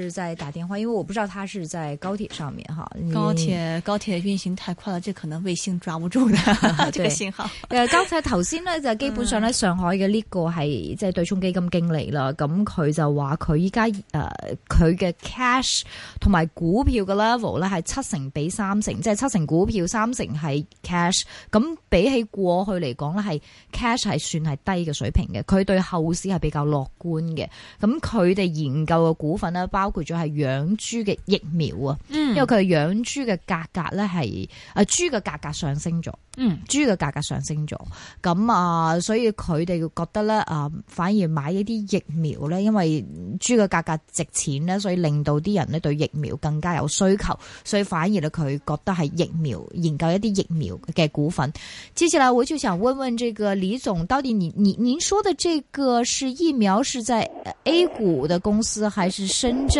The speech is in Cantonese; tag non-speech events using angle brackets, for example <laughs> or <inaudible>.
是在打電話，因為我不知道他是在高鐵上面哈。高鐵、嗯、高鐵運行太快了，這可能衛星抓不住的 <laughs> 對這個信號。誒，高鐵頭先咧就基本上咧，上海嘅呢個係即係對沖基金經理啦。咁佢、嗯、就話佢依家誒佢嘅 cash 同埋股票嘅 level 咧係七成比三成，即、就、係、是、七成股票，三成係 cash。咁比起過去嚟講咧，係 cash 係算係低嘅水平嘅。佢對後市係比較樂觀嘅。咁佢哋研究嘅股份呢，包。包括咗係養豬嘅疫苗啊，因為佢係養豬嘅價格咧係、嗯、啊豬嘅價格上升咗、嗯，嗯，豬嘅價格上升咗，咁啊，所以佢哋覺得咧啊、呃，反而買一啲疫苗咧，因為豬嘅價格值錢咧，所以令到啲人咧對疫苗更加有需求，所以反而咧佢覺得係疫苗研究一啲疫苗嘅股份。接下來我就想問問這個李總，到底你你您說的這個是疫苗，是在 A 股的公司還是深圳？